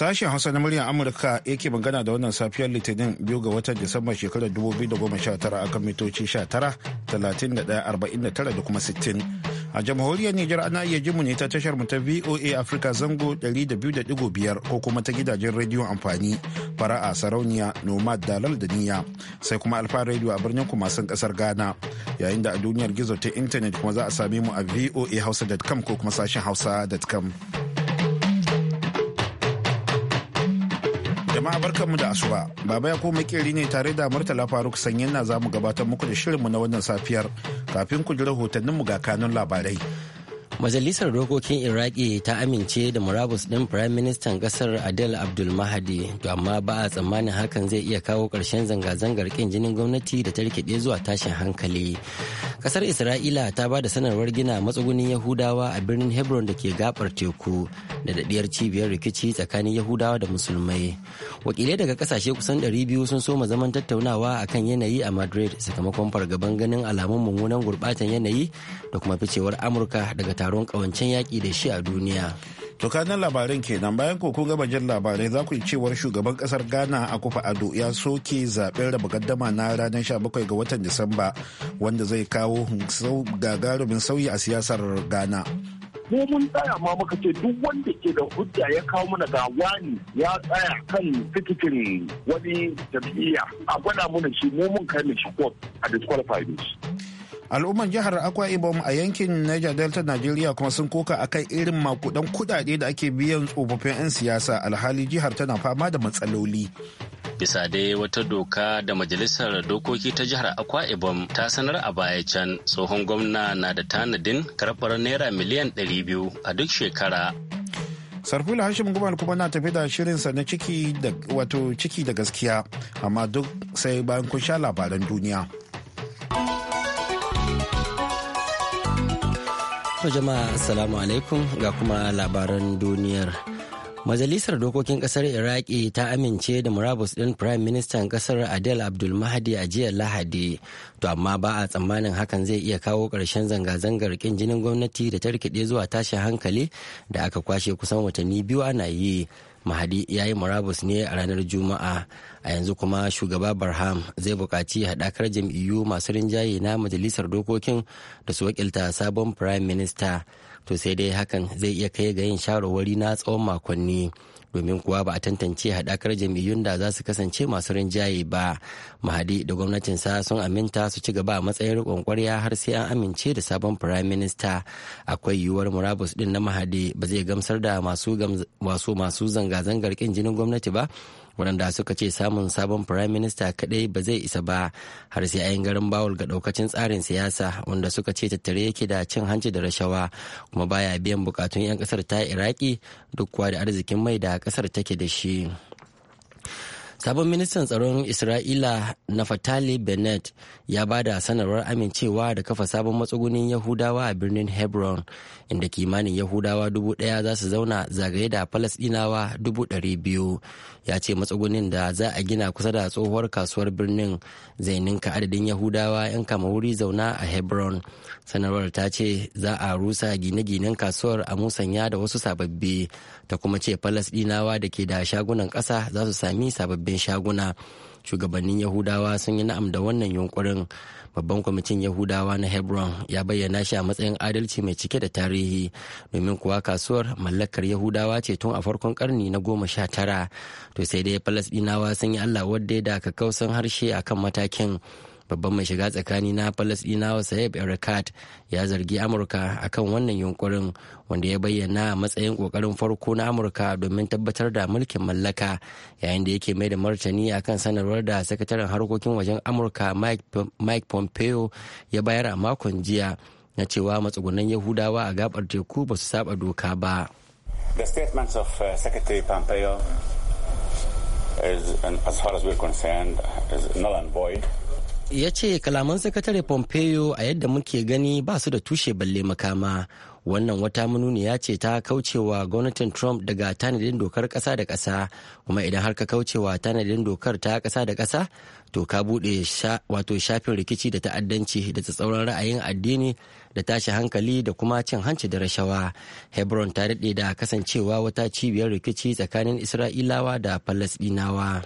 Sashen Hausa na muryar Amurka yake magana da wannan safiyar Litinin biyu ga watan Disamba shekarar 2019 akan mitoci 19, da kuma 60. a jamhuriyar Nijar ana iya jimu ne ta tashar mu ta VOA Africa zango 200.5 ko kuma ta gidajen rediyon amfani fara'a sarauniya nomad dalal da niya sai kuma alfa rediyo a birnin kumasin kasar Ghana yayin da a duniyar gizo ta intanet kuma za a same mu a voa hausa.com ko kuma sashen hausa.com. Jama'a barkanmu da asuwa Baba ya koma kiri ne tare da Murtala Faruk sanyin na zamu gabatar muku da shirinmu na wannan safiyar kafin ku ji mu ga kanun labarai. Majalisar Dokokin Iraki ta amince da murabus ɗin Firayim Ministan ƙasar Adel Abdul Mahdi, to amma ba a tsammanin hakan zai iya kawo ƙarshen zanga-zangar ƙin jinin gwamnati da ta rikide zuwa tashin hankali. Ƙasar Isra'ila ta ba da sanarwar gina matsugunin Yahudawa a birnin Hebron da ke gabar teku da daɗiyar cibiyar rikici tsakanin Yahudawa da Musulmai. Wakilai daga ƙasashe kusan 200 sun soma zaman tattaunawa akan yanayi a Madrid sakamakon fargaban ganin alamun mummunan gurbatan yanayi da kuma ficewar Amurka daga taron taron kawancen yaƙi da shi a duniya to kanan kenan bayan koko gama labarai za ku yi cewar shugaban kasar ghana akufa ado ya soke zaɓen raba gaddama na ranar 17 ga watan disamba wanda zai kawo gagarumin sauyi a siyasar ghana mu mun tsaya ma muka ce duk wanda ke da hujja ya kawo mana ga wani ya tsaya kan tikitin wani jam'iyya a gwada mana shi mu mun kai shi court a disqualify al'ummar jihar akwa ibom a yankin niger delta nigeria kuma sun koka akan irin makudan kudade da ake biyan tsofaffin 'yan siyasa alhali jihar tana fama da matsaloli bisa dai wata doka da majalisar dokoki ta jihar akwa ibom ta sanar a baya can tsohon gwamna na da tanadin karbar naira miliyan 200 a duk shekara sarfila hashim gumal kuma na tafi da shirinsa na ciki da wato ciki da gaskiya amma duk sai bayan kun sha labaran duniya To jama'a assalamu alaikum ga kuma labaran duniyar. Majalisar Dokokin Kasar Iraki ta amince da murabus ɗin Prime Ministan Kasar Adel Abdul Mahdi a jiya Lahadi, to amma ba a tsammanin hakan zai iya kawo ƙarshen zanga-zangar kin jinin gwamnati da ta rikide zuwa tashin hankali da aka kwashe kusan watanni biyu ana yi. mahadi ya yi murabus ne a ranar juma'a a yanzu kuma shugaba barham zai bukaci haɗakar jam'iyyu masu rinjaye na majalisar dokokin da su wakilta sabon prime minister to sai dai hakan zai iya kai ga yin shawarwari na tsawon makonni domin kuwa ba a tantance haɗakar jam'iyyun da za su kasance masu rinjaye ba mahadi da gwamnatinsa sun aminta su ci gaba a matsayin riƙon ƙwarya har sai an amince da sabon firayim minista akwai yiwuwar murabus ɗin na mahadi ba zai gamsar da masu masu zanga-zangar ƙin jinin gwamnati ba waɗanda suka ce samun sabon firayim minista kaɗai ba zai isa ba har sai ayin garin bawul ga ɗaukacin tsarin siyasa wanda suka ce tattare yake da cin hanci da rashawa kuma baya biyan bukatun 'yan ƙasar ta iraki duk kuwa da arzikin mai da ƙasar take da shi. Sabon ministan tsaron Isra'ila na Naftali Bennett ya ba da sanarwar amincewa da kafa sabon matsugunin Yahudawa a birnin Hebron, inda kimanin Yahudawa dubu daya za su zauna zagaye da Falasɗinawa dubu dari biyu. Ya ce matsugunin da za a gina kusa da tsohuwar kasuwar birnin zai ninka adadin Yahudawa 'yan kama wuri zauna a Hebron. Sanarwar ta ce za a rusa gine-ginen kasuwar a musanya da wasu sababbi, ta kuma ce Falasɗinawa da ke da shagunan ƙasa za su sami sababbi shaguna shugabannin yahudawa sun yi na'am da wannan yunkurin babban kwamitin yahudawa na hebron ya bayyana shi a matsayin adalci mai cike da tarihi domin kuwa kasuwar mallakar yahudawa ce tun a farkon karni na goma sha tara to sai dai falasdinawa sun yi allah wadda da kakkausan harshe a kan matakin babban mai shiga tsakani na falasdinawa sayeb erekat ya zargi amurka akan wannan yunkurin wanda ya bayyana a matsayin kokarin farko na amurka domin tabbatar da mulkin mallaka yayin da yake mai da martani akan sanarwar da sakataren harkokin wajen amurka mike pompeo ya bayar a makon jiya na cewa matsugunan yahudawa a gabar teku ba su saba doka ba The statements of uh, Secretary Pompeo is, as far as we're concerned, ya ce kalaman sakatare pompeo a yadda muke gani ba su da tushe balle makama wannan wata manuniya ce ta kaucewa gwamnatin trump daga tanadin dokar kasa da kasa kuma idan har ka kaucewa tanadin dokar ta kasa da kasa to ka bude wato shafin rikici da ta'addanci da ta tsauran ra'ayin addini da tashi hankali da kuma cin hanci da rashawa hebron ta daɗe da kasancewa wata cibiyar rikici tsakanin isra'ilawa da falasɗinawa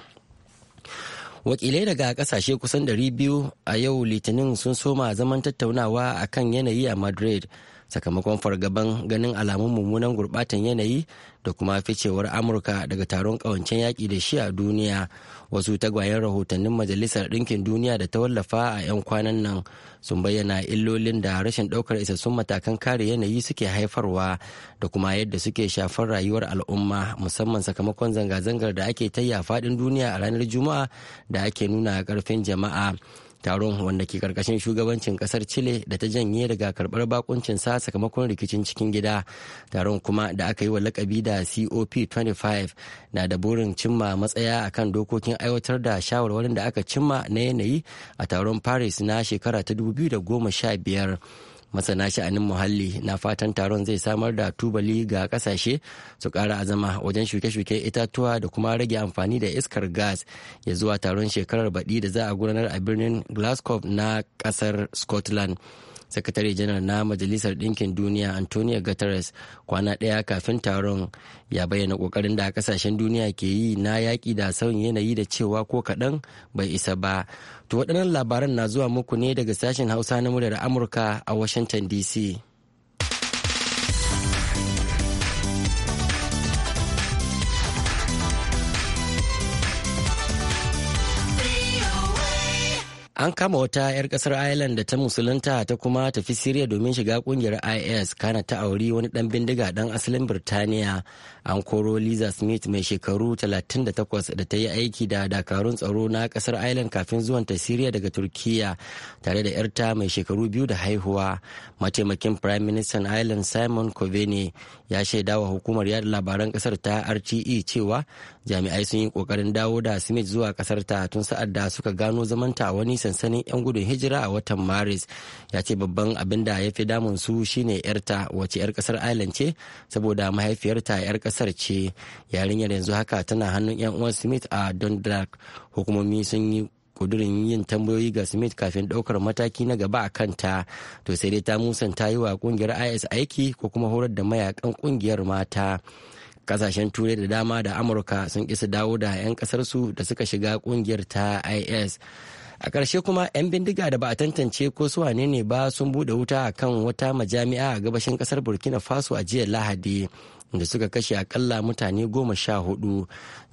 wakilai daga kasashe kusan 200 a yau litinin sun soma zaman tattaunawa akan yanayi a madrid sakamakon fargaban ganin alamun mummunan gurbatan yanayi da kuma ficewar amurka daga taron kawancen yaƙi da shi a duniya wasu tagwayen rahotannin majalisar ɗinkin duniya da ta wallafa a 'yan kwanan nan sun bayyana illolin da rashin ɗaukar isassun matakan kare yanayi suke haifarwa da kuma yadda suke shafar rayuwar al'umma musamman sakamakon zanga-zangar da ake ta faɗin duniya a ranar juma'a da ake nuna ƙarfin jama'a taron wanda ke karkashin shugabancin kasar chile da ta janye daga karbar bakuncin sa sakamakon rikicin cikin gida taron kuma da aka yi wa lakabi da cop 25 na da burin cimma matsaya akan dokokin aiwatar da shawarwarin da aka cimma na yanayi a taron paris na shekara ta 2015 masana sha'anin muhalli na fatan taron zai samar da tubali ga kasashe su kara azama wajen shuke-shuke itatuwa da kuma rage amfani da iskar gas ya zuwa taron shekarar baɗi da za a gudanar a birnin glasgow na ƙasar scotland sakatare janar na majalisar ɗinkin duniya antonio guterres kwana ɗaya kafin taron ya bayyana ƙoƙarin da ƙasashen duniya ke yi na yaƙi da sauyin yanayi da cewa ko kaɗan bai isa ba to waɗannan labaran na zuwa muku ne daga sashen hausa na muryar amurka a washington dc An kama wata 'yar kasar Ireland da ta musulunta ta kuma tafi Siriya domin shiga kungiyar IS kana ta auri wani dan bindiga dan asalin Birtaniya. An koro Liza Smith mai shekaru 38 da ta yi aiki da dakarun tsaro na kasar Ireland kafin zuwan ta Siriya daga Turkiya tare da 'yarta mai shekaru biyu da haihuwa. Mataimakin Prime Minister Ireland Simon Coveney ya shaidawa hukumar yada labaran kasar ta RTE cewa jami'ai sun yi kokarin dawo da smith zuwa kasar ta tun sa'ad da suka gano zamanta wani sansanin 'yan gudun hijira a watan maris ya ce babban abin da ya fi damun su shine yarta wace 'yar kasar island ce saboda mahaifiyarta 'yar kasar ce yarinyar yanzu haka tana hannun 'yan uwan smith a dundalk hukumomi sun yi kudurin yin tambayoyi ga smith kafin daukar mataki na gaba a kanta to sai dai ta musanta yi wa kungiyar is aiki ko kuma horar da mayakan kungiyar mata kasashen turai da dama da amurka sun kisa dawo da 'yan kasarsu da suka shiga kungiyar ta is a ƙarshe kuma 'yan bindiga da ba a tantance ko su wane ne ba sun bude wuta a kan wata majami'a a gabashin kasar burkina faso a jiya lahadi da suka kashe akalla mutane goma sha hudu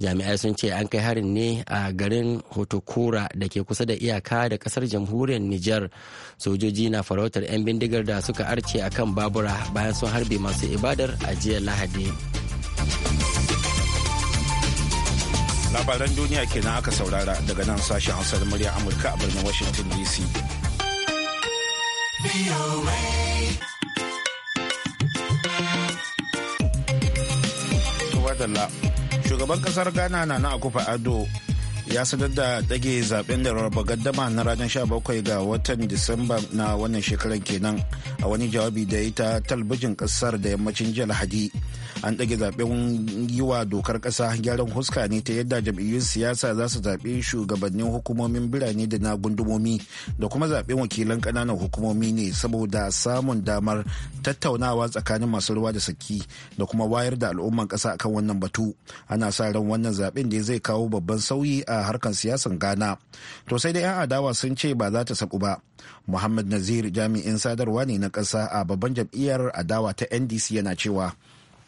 jami'ai sun ce an kai harin ne a garin hotokura da ke kusa da iyaka da kasar jamhuriyar niger sojoji na farautar 'yan bindigar da suka arce akan babura bayan sun harbe masu ibadar a jiya lahadi labaran duniya kenan aka saurara daga nan sashen hausar murya amurka a birnin washington dc shugaban kasar ghana na na akufa ado ya sanar da ɗage zaben da raba gaddama na ranar 17 ga watan disamba na wannan shekarar kenan a wani jawabi da ya ta talbijin kasar da yammacin jihar hadi an ɗage zaɓen yi wa dokar ƙasa gyaran huska ne ta yadda jam'iyyun siyasa za su zaɓi shugabannin hukumomin birane da na gundumomi da kuma zaɓen wakilan ƙananan hukumomi ne saboda samun damar tattaunawa tsakanin masu ruwa da saki da kuma wayar da al'umman ƙasa akan wannan batu ana sa ran wannan zaɓen da zai kawo babban sauyi a harkar siyasan ghana to sai dai 'yan adawa sun ce ba za ta saku ba muhammad nazir jami'in sadarwa ne na ƙasa a babban jam'iyyar adawa ta ndc yana cewa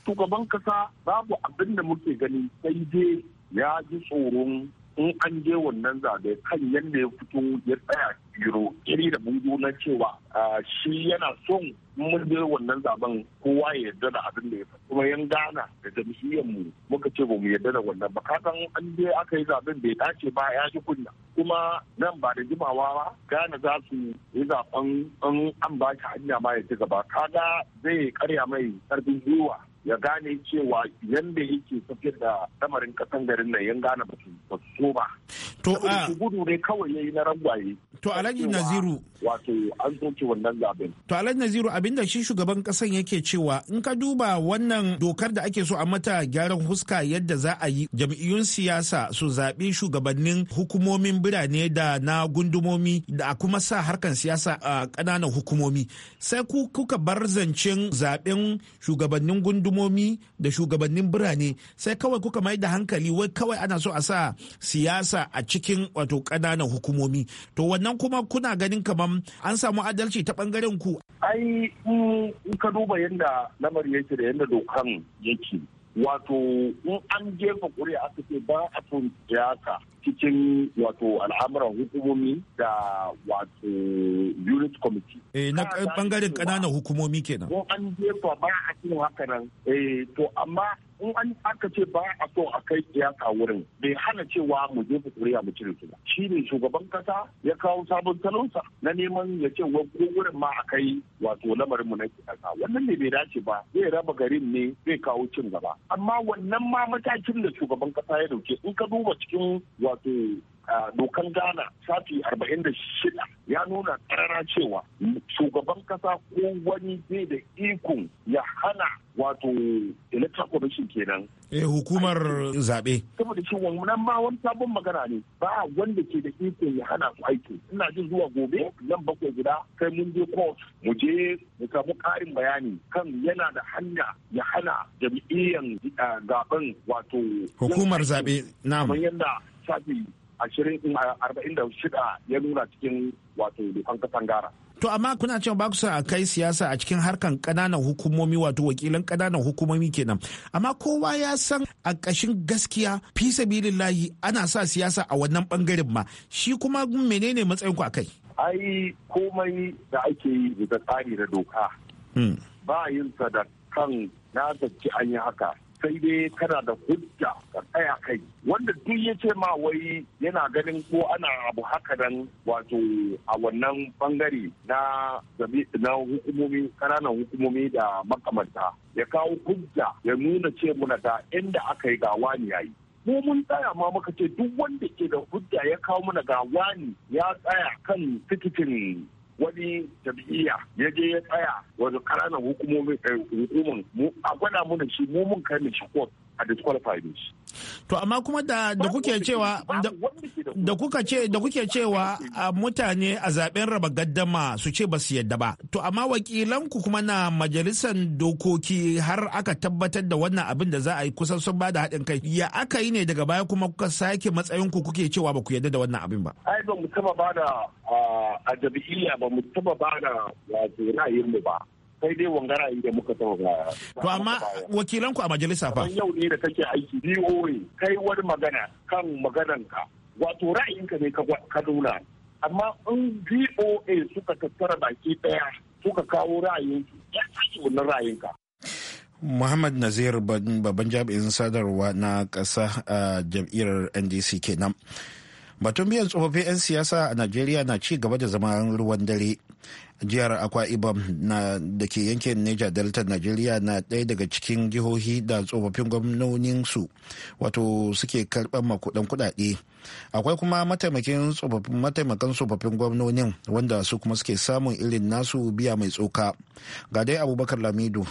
shugaban kasa babu abin da muke gani sai dai ya ji tsoron in an je wannan zabe kan yadda ya fito ya tsaya biro iri da bugu na cewa shi yana son mun je wannan zaben kowa ya yarda da abin da ya faɗi kuma yan gana da jam'iyyar mu muka ce ba mu yarda da wannan ba ka san an je aka yi zaben bai dace ba ya ji kunna kuma nan ba da jimawa ba gana za su yi zaben an an ba shi hanya ma ya ci gaba kaga zai karya mai karfin gwiwa ya gane cewa yadda yake tafiyar da lamarin kasan garin nan yan gane ba su so ba. To a ah. gudu ne kawai yayi na rangwaye. To Alhaji Naziru. Wato an soke wannan zaben. To Alhaji Naziru abinda shi shugaban kasan yake cewa in ka duba wannan dokar da ake so a mata gyaran huska yadda za a yi jam'iyyun siyasa su zaɓi shugabannin hukumomin birane da na gundumomi da kuma sa harkan siyasa a ƙananan hukumomi. Sai ku kuka bar zancen zaɓen shugabannin gundumomi hukumomi da shugabannin birane sai kawai kuka mai da hankali wai kawai ana so a sa siyasa a cikin wato ƙananan hukumomi to wannan kuma kuna ganin kamar an samu adalci ta ɓangaren ku. ai in ka duba yadda lamari yake da yadda dokan yake wato in an jefa ƙuri'a aka ce ba a tun siyasa cikin wato al'amuran hukumomi da wato unit committee. Eh, na bangaren kananan hukumomi kenan. Ko an jefa ba a cikin haka nan. Eh, to amma in an aka ce ba a so a kai iyaka wurin bai hana cewa mu je kuriya mu cire su ba shi ne shugaban kasa ya kawo sabon talonsa na neman ya ce ko wurin ma a kai wato lamarin mu na kasa wannan ne bai dace ba zai raba garin ne zai kawo cin gaba amma wannan ma matakin da shugaban kasa ya dauke in ka duba cikin wato dokan Ghana sati 46 ya nuna karara cewa shugaban kasa ko wani zai da ikon ya hana wato electoral commission kenan. Eh hukumar zaɓe. Saboda shi wannan ma wani sabon magana ne ba wanda ke da ikon ya hana su aiki. Ina jin zuwa gobe nan bakwai guda sai mun je court mu je mu samu ƙarin bayani kan yana da hanya ya hana jam'iyyan gaban wato. Hukumar zaɓe na'am. Kamar shafi ashirin arba'in da shida ya nuna cikin wato dokan kasan gara. To amma kuna cewa ba ku sa a kai siyasa a cikin harkan kananan hukumomi wato wakilan kananan hukumomi kenan. Amma kowa ya san a ƙashin gaskiya fi sabilillahi ana sa siyasa a wannan bangaren ma. Shi kuma menene matsayin ku a kai? Ai komai da ake yi da tsari da doka. Hmm. Ba yin sa da kan na zaci an yi haka sai dai kana da hujja ka tsaya kai wanda duk ya ce ma wai yana ganin ko ana abu haka nan wato a wannan bangare na na hukumomi kananan hukumomi da makamanta ya kawo hujja ya nuna ce muna da inda aka yi gawa ne yayi mu mun tsaya ma muka ce duk wanda ke da hujja ya kawo mana gawa ne ya tsaya kan tikitin wani jam'iyya ya je ya tsaya wani ƙananan hukumomin eh, hukumar a gwada mu da shi mu mun kai shi kotu a disqualify me to amma kuma da kuke cewa da kuka ce da kuke cewa mutane a zaben raba gaddama su ce ba su yadda ba to amma wakilanku kuma na majalisar dokoki har aka tabbatar da wannan abin da za a yi kusan sun bada haɗin kai ya aka yi ne daga baya kuma kuka sake matsayin ku kuke cewa ba ku yadda da wannan abin ba ai ba mu taba bada a jami'iyya ba mu taba bada wato ra'ayin mu ba sai dai wanga ra'ayi da muka tawo ga to amma wakilanku a majalisa fa yau ne da kake aiki DOA kai wani magana kan maganarka wato ra'ayinka ne ka nuna amma in DOA suka tattara baki daya suka kawo ra'ayinsu ya sake wannan ra'ayinka Muhammad Nazir babban jami'in sadarwa na ƙasa a jam'iyyar NDC kenan. batun biyan tsofaffin 'yan siyasa a najeriya na ci gaba da zama ruwan dare jihar akwa ibom na da ke yankin niger delta najeriya na ɗaya daga cikin jihohi da tsofaffin su wato suke karɓar makudan kuɗaɗe akwai kuma mataimakin mataimakan tsofaffin gwamnonin wanda su kuma suke samun irin nasu biya mai tsoka ga dai abubakar lamidu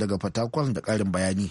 daga fatakwal da ƙarin bayani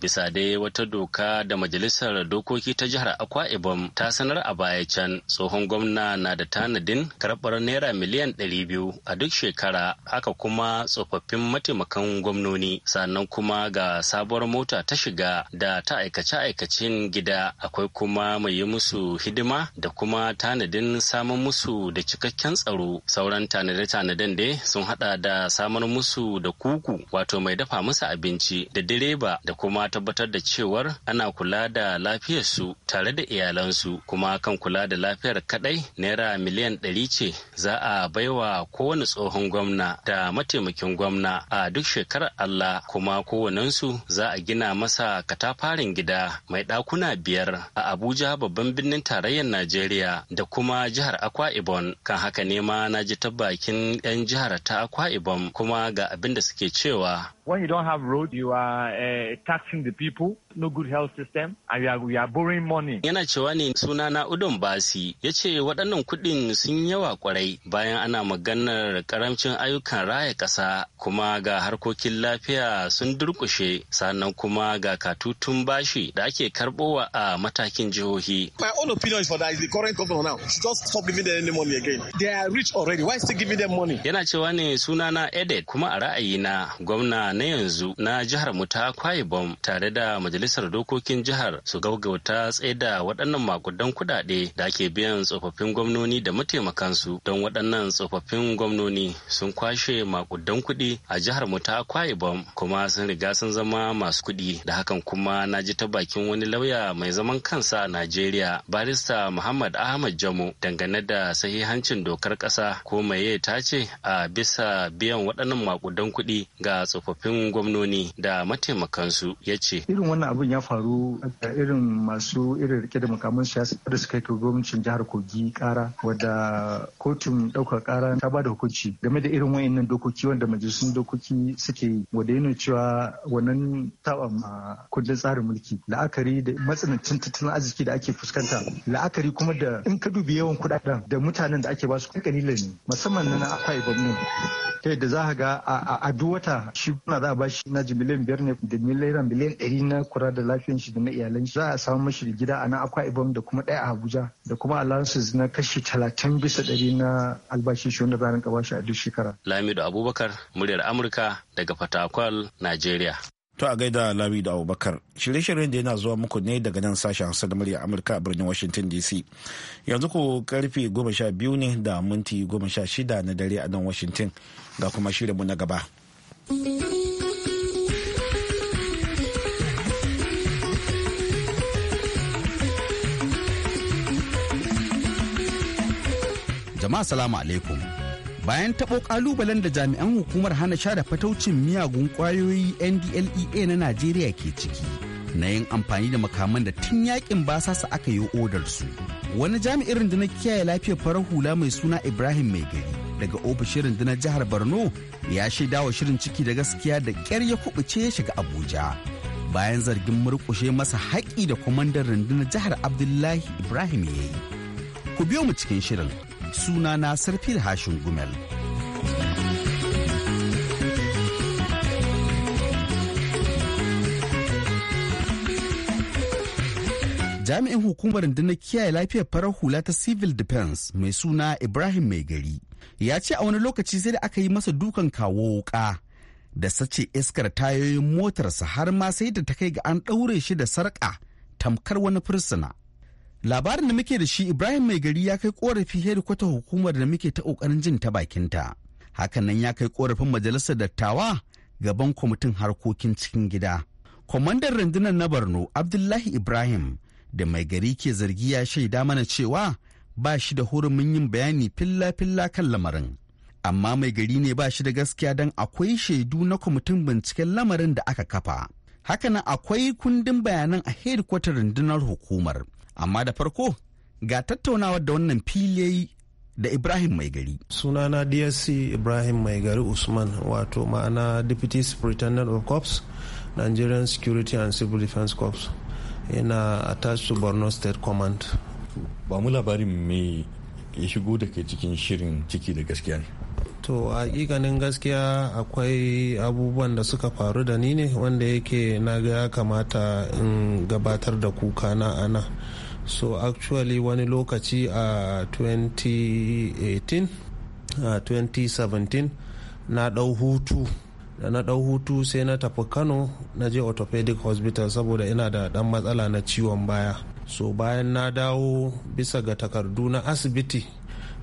bisa dai wata doka da majalisar dokoki ta jihar akwa ibom ta sanar a baya can tsohon gwamna na da tanadin karbar naira miliyan 200 a duk shekara haka kuma tsofaffin mataimakan gwamnoni sannan kuma ga sabuwar mota ta shiga da ta aikace-aikacen gida akwai kuma mai yi musu hidima da kuma tanadin samun musu da cikakken tsaro sauran tanade-tanaden dai sun hada da samar musu da kuku wato mai dafa musu abinci da direba da kuma tabbatar da cewar ana kula da lafiyar su tare da iyalansu kuma kan kula da lafiyar kadai naira miliyan ɗari ce za a baiwa kowane tsohon gwamna da mataimakin gwamna a duk shekarar Allah kuma kowanensu za a gina masa katafarin gida mai ɗakuna biyar a Abuja babban birnin tarayyar Najeriya da kuma jihar Akwa Ibom kan haka ne ma na ji ta bakin 'yan jihar ta Akwa Ibom kuma ga abin da suke cewa When you don't have road, you are uh, taxing the people, no good health system, and you are, we are borrowing money. Yana cewa ne suna na Udon Basi ya ce waɗannan kuɗin sun yawa kwarai bayan ana maganar karamcin ayyukan raya ƙasa kuma ga harkokin lafiya sun durƙushe sannan kuma ga katutun bashi da ake karɓowa a matakin jihohi. My own opinion is for that is the current government now. She just stop giving them any money again. They are rich already. Why still giving them money? Yana cewa ne suna na Edet kuma a ra'ayina gwamna na yanzu na jihar mu ta Kwaibom tare da majalisar dokokin jihar su gaugauta tsaida waɗannan makudan kuɗaɗe da ake biyan tsofaffin gwamnoni da mataimakansu don waɗannan tsofaffin gwamnoni sun kwashe makudan kuɗi a jihar mu ta Kwaibom kuma sun riga sun zama masu kuɗi da hakan kuma na ji ta bakin wani lauya mai zaman kansa a Najeriya barista Muhammad Ahmad Jamo dangane da sahihancin dokar ƙasa ko mai ta ce a bisa biyan waɗannan makudan kuɗi ga tsofaffin tsofaffin gwamnoni da mataimakansu ya ce. Irin wannan abin ya faru da irin masu irin rike da makaman siyasa da suka yi gwamnatin jihar Kogi kara wadda kotun ɗaukar kara ta ba da hukunci game da irin wayannan dokoki wanda majalisun dokoki suke yi wadda yana cewa wannan taba ma kundin tsarin mulki la'akari da matsanancin tattalin arziki da ake fuskanta la'akari kuma da in ka dubi yawan kuɗaɗen da mutanen da ake ba su kankanilan ne musamman na akwai gwamnati. ta yadda za ga a duk wata shi kuna za a ba shi na miliyan biyar ne da miliyan miliyan ɗari na kura da lafiyan shi da na iyalan shi za a samu mashi gida a nan akwa ibom da kuma ɗaya a abuja da kuma allowances na kashi talatin bisa ɗari na albashin shi wanda za a rinka shi a duk shekara. lamido abubakar muryar amurka daga fatakwal najeriya. To a gaida labi da Abubakar. Shirye-shiryen da yana zuwa muku ne daga nan sashen Hausa da murya Amurka a birnin Washington DC. Yanzu ku karfe goma sha biyu ne da minti goma sha shida na dare a nan Washington ga kuma mu na gaba. Jama'a salamu alaikum. bayan taɓo ƙalubalen da jami'an hukumar hana sha da fataucin miyagun ƙwayoyi ndlea na najeriya ke ciki na yin amfani da makaman da tun yakin basasa aka yi odar su wani jami'in rundunar kiyaye lafiyar farar hula mai suna ibrahim mai gari daga ofishin rundunar jihar borno ya shaida wa shirin ciki da gaskiya da ƙyar ya kubuce ya shiga abuja bayan zargin murƙushe masa haƙi da kwamandan rundunar jihar abdullahi ibrahim ya yi ku biyo mu cikin shirin suna na sarfil hashin gumel. jami'in hukumar na kiyaye lafiyar farar hula ta civil defense mai suna ibrahim mai gari ya ce a wani lokaci sai da aka yi masa dukan kawo wuka da sace iskar tayoyin motarsa har ma sai da ta kai ga an ɗaure shi da sarƙa tamkar wani fursuna labarin da muke da shi ibrahim mai gari ya kai korafi hedikwata hukumar da muke ta kokarin jin ta bakinta hakanan ya kai korafin majalisar dattawa gaban kwamitin harkokin cikin gida kwamandan rundunar na borno abdullahi ibrahim da mai gari ke zargi ya shaida mana cewa ba shi da hurumin yin bayani filla-filla kan lamarin amma mai gari ne ba shi da gaskiya don akwai shaidu na kwamitin binciken lamarin da aka kafa hakanan akwai kundin bayanan a hedikwatar rundunar hukumar amma da farko ga tattaunawar da wannan fili da Ibrahim Mai Gari. Sunana DSC Ibrahim Mai Gari Usman wato ma'ana Deputy Superintendent of Corps, Nigerian Security and Civil Defense Corps. Yana attached to Borno State Command. Ba mu labarin me ya shigo da ke cikin shirin ciki da gaskiya. To a hakikanin gaskiya akwai abubuwan da suka faru da ni ne wanda yake na ga ya kamata in gabatar da kuka na ana. so actually wani lokaci a 2018 a 2017 na dau hutu da na dau hutu sai na tafi kano na je orthopedic hospital saboda ina da dan matsala na ciwon baya so bayan na dawo bisa ga takardu na asibiti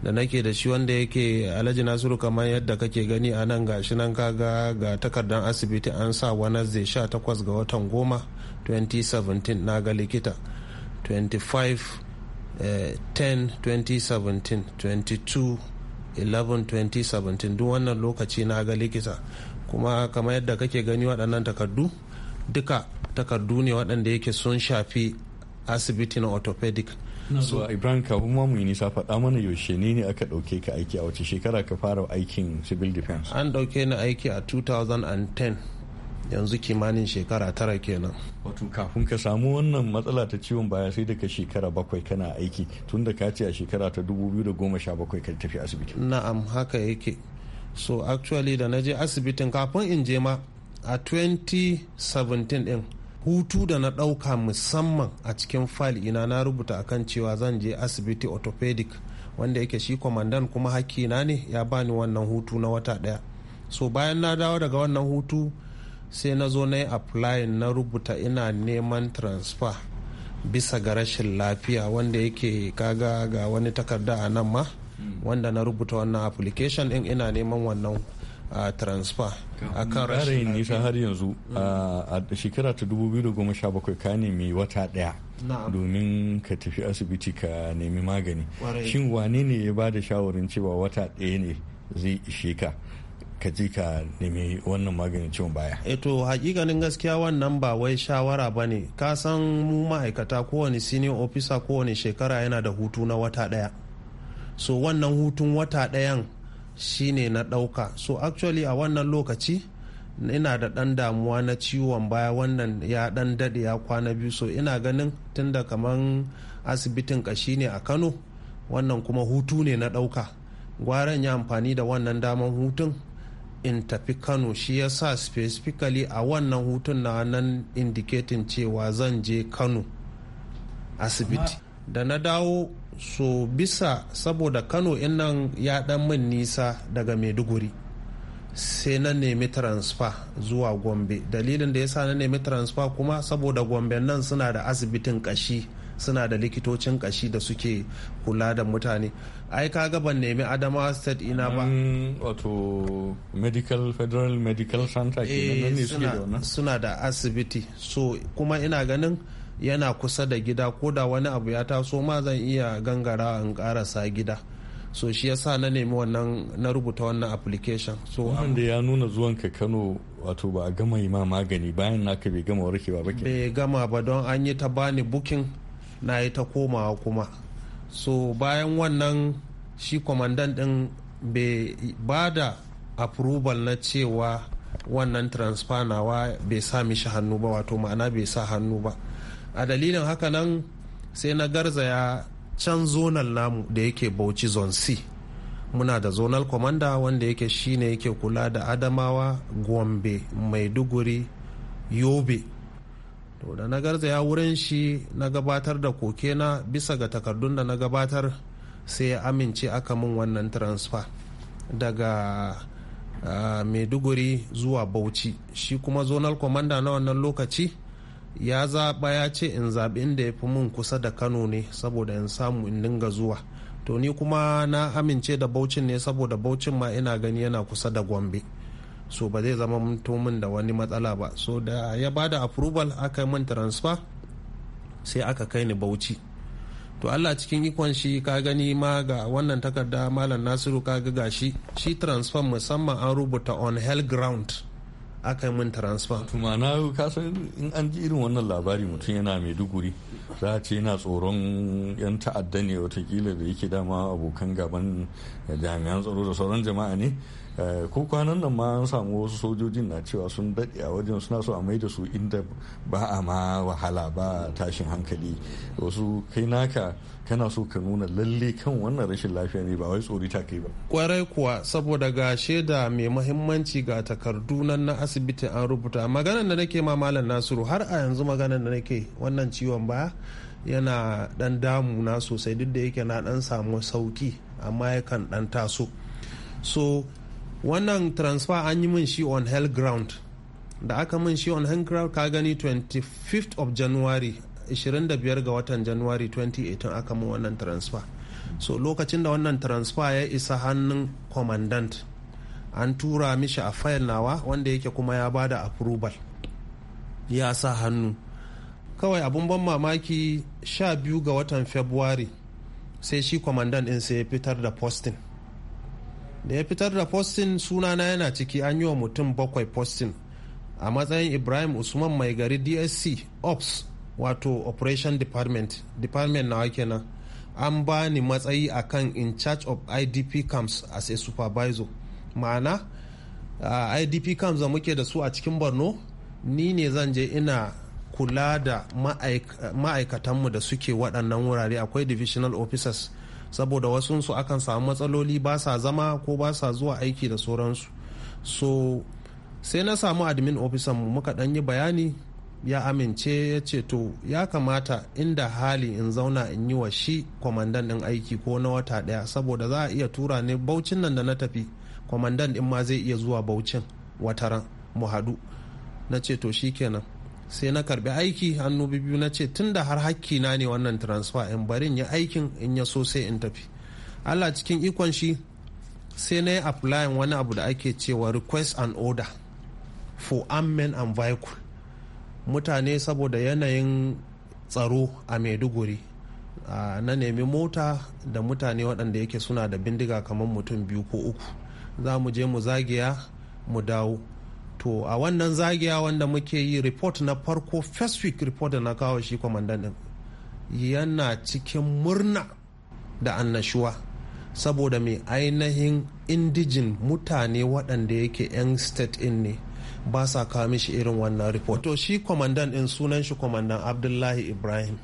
da nake da shi wanda yake alhaji nasiru kamar yadda kake gani a nan gashi nan kaga ga takardar asibiti an sa wani zai 18 ga watan goma 2017 na ga likita 25 2017 22 duk wannan lokaci na ga likita kuma kamar yadda kake gani waɗannan takardu duka takardu ne waɗanda yake sun shafi asibiti na orthopedic na zuwa ibrahim kafin mu yi nisa faɗa mana yaushe ne ne aka ɗauke ka aiki a wace shekara ka fara aikin civil defense an ɗauke ni aiki a 2010 yanzu kimanin shekara tara kenan wato kafin ka samu wannan matsala ta ciwon baya sai daga shekara bakwai kana aiki tun da ka ce a shekara ta dubu biyu da goma sha bakwai ka tafi asibiti na'am haka yake so actually da na je asibitin kafin in je ma a 2017 din hutu da na ɗauka musamman a cikin fal ina na rubuta akan cewa zan je asibiti orthopedic wanda yake shi kwamandan kuma hakina ne ya bani wannan hutu na wata ɗaya so bayan na dawo daga wannan hutu sai na zo na yi apply na rubuta ina neman transfer bisa ga rashin lafiya wanda yake kaga ga wani takarda a nan ma wanda na rubuta wannan application din ina neman wannan transfer a kan rashin nisa har yanzu a shekara ta 2017 ka nemi wata daya domin ka tafi asibiti ka nemi magani shin wane ne ya ba da shawarin cewa wata daya ne zai ishe ka ka je ka nemi wannan maganin ciwon baya. Eto eh hakikanin gaskiya wannan ba wai shawara ba ne ka san mu ma'aikata kowane senior officer kowane shekara yana da hutu na wata ɗaya. So wannan hutun wata ɗayan shine na ɗauka. So actually a wannan lokaci ina da ɗan damuwa na ciwon baya wannan ya ɗan daɗe ya kwana biyu so ina ganin tunda kaman asibitin ƙashi ne a Kano wannan kuma hutu ne na ɗauka. Gwaran ya amfani da wannan daman hutun in tafi kano shi ya sa specifically a wannan hutun na nan indicating cewa zan je kano asibiti da na dawo so bisa saboda kano in nan ya dan min nisa daga maiduguri sai na nemi transfer zuwa gombe dalilin da ya sa na nemi transfer kuma saboda gombe nan suna da asibitin kashi suna da likitocin kashi da suke kula da mutane ai kaga ban nemi adamawa state ina ba wato medical federal medical center ke ne eh, suna da asibiti so kuma ina ganin yana kusa da gida ko da wani abu ya taso ma zan iya gangara in karasa gida so shi yasa na nemi wannan na rubuta wannan application so wanda ya nuna zuwan ka kano wato ba a gama yi ma magani bayan naka bai gama warkewa ba ke bai gama ba don an yi ta bani bukin na yi ta komawa kuma so bayan wannan shi kwamandan din bai ba da approval na cewa wannan transfer nawa bai sa mishi hannu ba wato ma'ana bai sa hannu ba a dalilin haka nan sai na garza ya can zonal namu da yake bauchi zone c muna da zonal commander wanda yake shine yake kula da adamawa gombe maiduguri yobe to da na ya wurin shi na gabatar da koke na bisa ga takardun da na gabatar sai ya amince aka min wannan transfer daga maiduguri zuwa bauchi shi kuma zonal commander na wannan lokaci ya zaɓa ya ce in zaɓi inda ya fi min kusa da kano ne saboda in samu in dinga zuwa to ni kuma na amince da bauchin ne saboda bauchin ma ina gani yana kusa da gombe so ba zai zama mun da wani matsala ba so da ya bada approval aka yi min transfer sai aka kai ni bauchi to allah cikin ikon shi ka gani ma ga wannan takarda malam nasiru ka ga gashi shi transfer musamman an rubuta on hell ground aka yi min transfer tuma na san in an ji irin wannan labari mutum yana mai duguri za a ce yana tsoron yan ta'adda ne watakila da yake dama abokan gaban jami'an tsaro da sauran jama'a ne Eh, ko kwanan nan ma an samu wasu sojojin na cewa sun daɗe a wajen suna so a mai da su inda ba a ma wahala ba tashin hankali wasu kai naka kana so ka nuna lalle kan wannan rashin lafiya ne ba wai tsori ta kai ba kwarai kuwa saboda ga shaida mai mahimmanci ga takardu nan na asibiti an rubuta maganan da nake ma malam nasiru har a yanzu maganan da nake wannan ciwon ba yana dan damuna sosai duk da yake na dan samu sauki amma yakan dan taso so wannan transfer an yi min shi on hell ground da aka min shi on hell ground ka gani 25th of january 25 ga watan january 2018 aka min wannan transfer so lokacin da wannan transfer ya isa hannun commandant an tura mishi a fayil nawa wanda yake kuma ya ba da approval ya sa hannu kawai abun ban mamaki 12 ga watan february sai shi commandant din sai ya fitar da posting da ya fitar da postin sunana yana ciki an yi wa mutum bakwai postin a matsayin ibrahim usman mai gari dsc ops wato operation department department nawa kenan an ba ni matsayi kan in charge of idp camps as a supervisor ma'ana uh, idp camps da muke da su a cikin borno ni ne zan je ina kula da ma'aikatanmu da suke waɗannan wurare akwai divisional officers saboda wasunsu akan samu matsaloli ba sa zama ko ba sa zuwa aiki da sauransu so sai na samu admin officer mu muka dan yi bayani ya amince ya ce to ya kamata inda hali in zauna in yi wa shi kwamandan din aiki ko na wata daya saboda za a iya tura ne baucin nan da na tafi kwamandan din ma zai iya zuwa baucin wataran mu hadu na ce to shikenan sai na karbi aiki hannu biyu na ce tun da har haƙƙi na ne wannan transfer in barin ya aikin in ya so sai in tafi allah cikin ikon shi sai na yi applying wani abu da ake cewa request and order for ammen and vehicle mutane saboda yanayin tsaro a maiduguri na nemi mota da mutane waɗanda yake suna da bindiga kamar mutum biyu ko uku za mu je mu zagiya mu dawo to a wannan zagiya wanda muke yi report na farko first week report da na kawo shi kwamandan din yana cikin murna da annashuwa saboda mai ainihin indijin mutane waɗanda yake 'yan state in ne ba sa kawo mishi irin wannan report to shi kwamandan din sunan shi kwamandan abdullahi ibrahim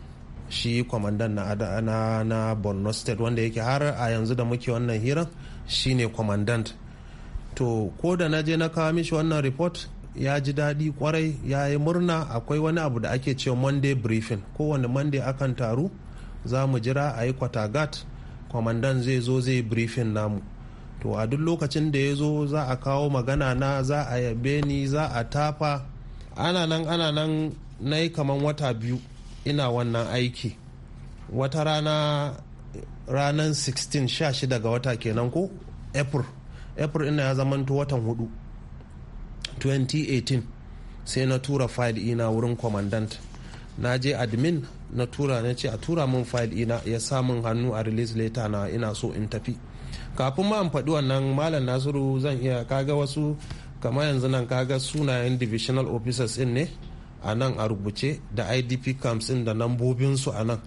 shi kwamandan na, na, na borno state wanda yake har a yanzu da muke wannan hiran shine kwamandant to ko da na je na kawo mishi wannan report ya ji daɗi kwarai ya yi murna akwai wani abu da ake cewa monday briefing kowane monday akan taru za mu jira a yi kwatagat kwamandan zai zo zai briefing namu to a duk lokacin da ya zo za a kawo magana na za a yabe ni za a tafa ana nan ana nan na yi kaman wata biyu ina wannan aiki wata rana ranar 16 16 ga wata kenan ko april april ina ya zamanto watan hudu 2018 sai na tura file ina wurin commandant na je admin na tura na ce a tura min file ina ya samun hannu a release letter na ina so in tafi kafin ma in faɗi wannan malam nasiru zan iya kaga wasu kama yanzu nan kaga sunayen divisional officers in ne a nan a rubuce da idp camps in da nambobinsu a nan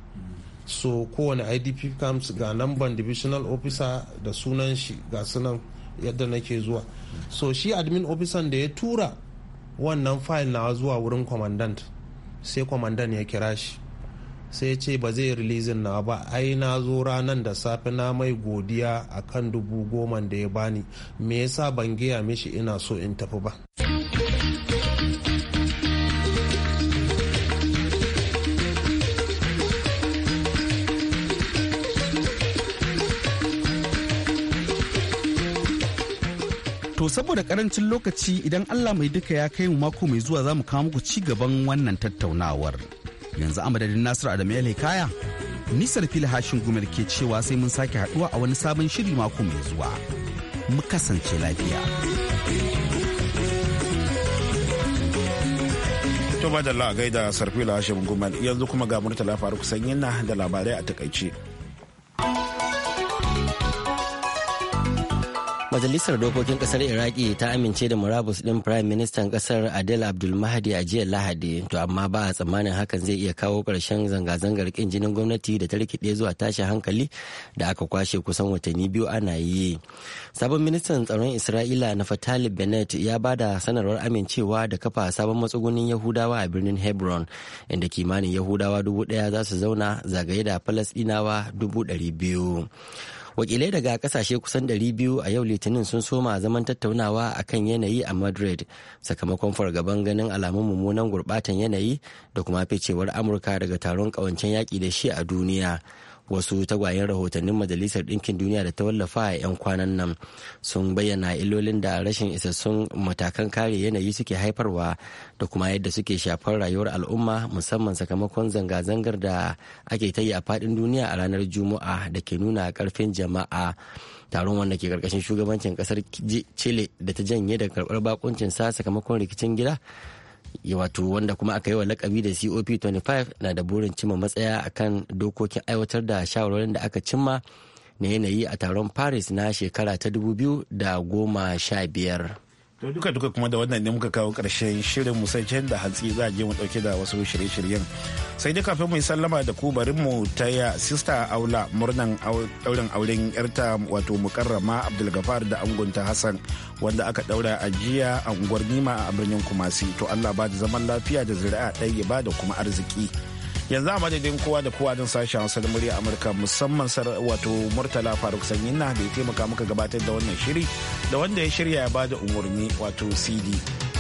so kowane idp camps ga lamban divisional officer da sunan shi ga sunan yadda nake zuwa so shi admin ofisan da ya tura wannan fayil na zuwa wurin kwamandant sai kwamandan ya kira shi sai ce ba zai rilizin na ba ai na zo ranar da safe na mai godiya a kan dubu goma da ya bani me yasa ban gaya mishi ina so in tafi ba. To saboda karancin lokaci idan Allah mai duka ya kai mu mako mai zuwa za mu kawo muku ci gaban wannan tattaunawar. Yanzu a madadin Nasiru Adamu ya kaya. Nisar fili hashin gumel ke cewa sai mun sake haduwa a wani sabon shiri mako mai zuwa. Mu kasance lafiya. To ba da la'agai gaida sarfila hashin gumel yanzu kuma ga murtala faru kusan yana da labarai a takaice. Majalisar Dokokin Kasar Iraki ta amince da murabus din prime Ministan Kasar Adel mahdi a jiya Lahadi, to amma ba a tsammanin hakan zai iya kawo ƙarshen zanga-zangar kin jinin gwamnati da ta rikide zuwa tashi hankali da aka kwashe kusan watanni biyu ana yi. Sabon ministan tsaron Isra'ila na Fatali Bennett ya ba da sanarwar amincewa da kafa sabon matsugunin Yahudawa a birnin Hebron, inda kimanin Yahudawa dubu daya za su zauna zagaye da Falasɗinawa dubu ɗari biyu. wakilai daga kasashe kusan 200 a yau litinin sun soma zaman tattaunawa a kan yanayi a madrid sakamakon fargaban ganin alamun mummunan gurbatan yanayi da kuma ficewar amurka daga taron kawancen yaƙi da shi a duniya wasu tagwayen rahotannin majalisar ɗinkin duniya da ta wallafa a 'yan kwanan nan sun bayyana ilolin da rashin isassun matakan kare yanayi suke haifarwa da kuma yadda suke shafar rayuwar al'umma musamman sakamakon zanga-zangar da ake ta yi a faɗin duniya a ranar juma'a da ke nuna ƙarfin jama'a taron wanda ke karkashin shugabancin kasar chile da ta janye da karɓar bakuncin sa sakamakon rikicin gida wato wanda kuma aka yi wa lakabi da cop 25 na da burin cimma matsaya a kan dokokin aiwatar da shawarwarin da aka cimma na yanayi a taron paris na shekara ta 2015 to duka duka kuma da wannan ne muka kawo karshen shirin musancen da hantsi za a je mu dauke da wasu shirye-shiryen sai dai kafin mu yi sallama da ku bari mu taya sista aula murnan daurin auren yarta wato mukarrama abdulgafar da angunta hassan wanda aka daura a jiya a unguwar nima a birnin kumasi to allah ba da zaman lafiya da zuri'a ɗaya ba da kuma arziki yanzu a madadin kowa da kowa don sashen hausa da murya amurka musamman wato murtala faruk sanyi na da ya taimaka muka gabatar da wannan shiri da wanda ya shirya ya bada umarni wato cd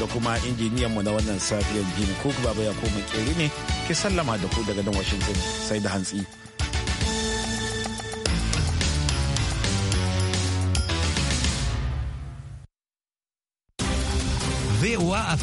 da kuma injiniyan mu na wannan safiyar jim cook baba ya koma kere ne ki sallama da ku daga nan washington sai da hantsi VOA